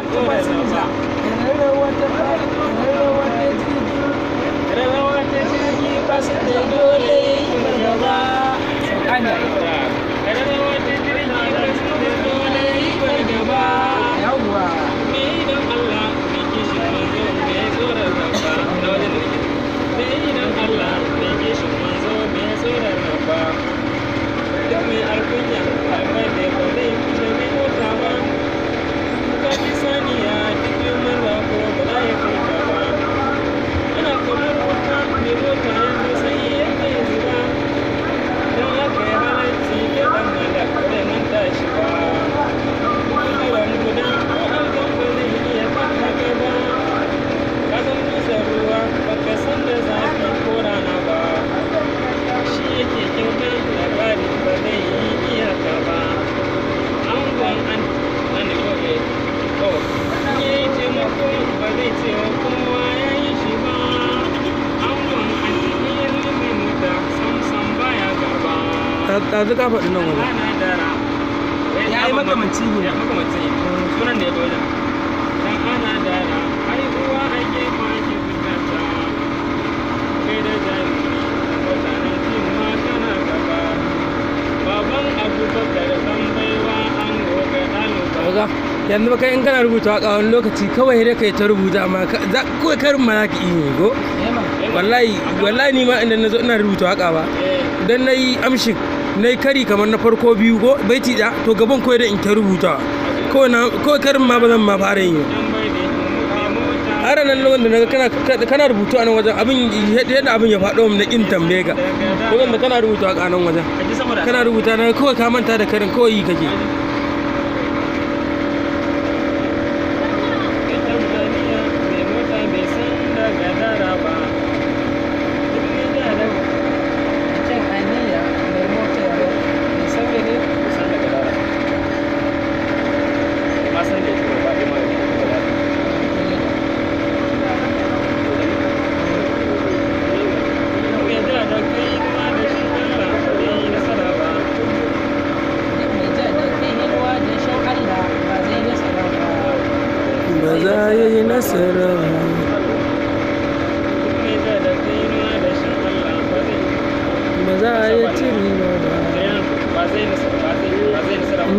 Thank you. ɗazu ka faɗi nan wani ya yi makamancin yi ya makamanci ne sunan da ya zo da dan ana dara ai uwa ai ke ma ke bukata kai da jari mutanen jin ma tana gaba baban abubakar dan baiwa an goga ɗalibai yanzu baka in kana rubuta waka wani lokaci kawai da kai ta rubuta amma kawai karin ma za ka iya go wallahi wallahi ni ma inda na zo ina rubuta waka ba eh. dan na yi amshin na kari kamar na farko biyu ko bai da to gaban kawai da in ta rubuta kawai karin ma ba zan ma fara yin har nan lokacin da naga kana rubutu a nan wajen abin yadda abin ya faɗo na kin tambaye ka ko da kana rubutu a nan wajen kana rubuta na kawai ka manta da karin kawai yi kake sarama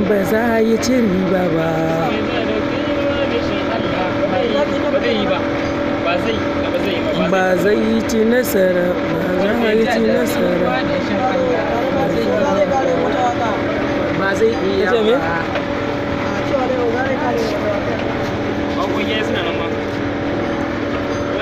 ba za a yi cin riba ba ba za a yi cin riba ba ba zai yi ci nasara ba za yi ci ba zai iya ba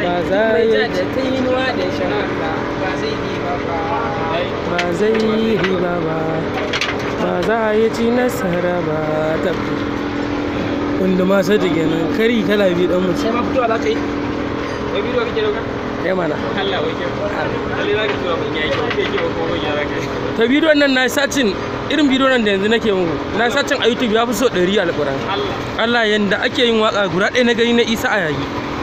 ba zai yi ba ba za a yi ci nasara ba ta wanda ma sai take nan kari kala biyu dan mutum sai ma za ka yi wai bidiyo kake dauka kai mana Allah wai kai lalle za tura mun yaki kake ke ko mun yara kai ta bidiyon nan na sacin irin bidiyon nan da yanzu nake muku na sacin a YouTube ya fi so 100 alƙur'an Allah Allah yanda ake yin waka guda ɗaya na gani na Isa a yayi.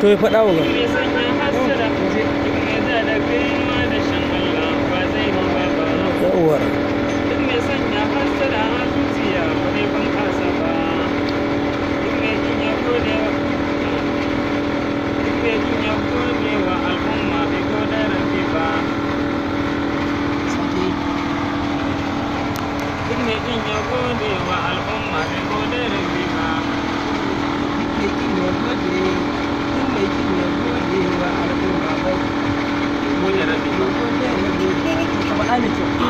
to ya faɗa wa furniture.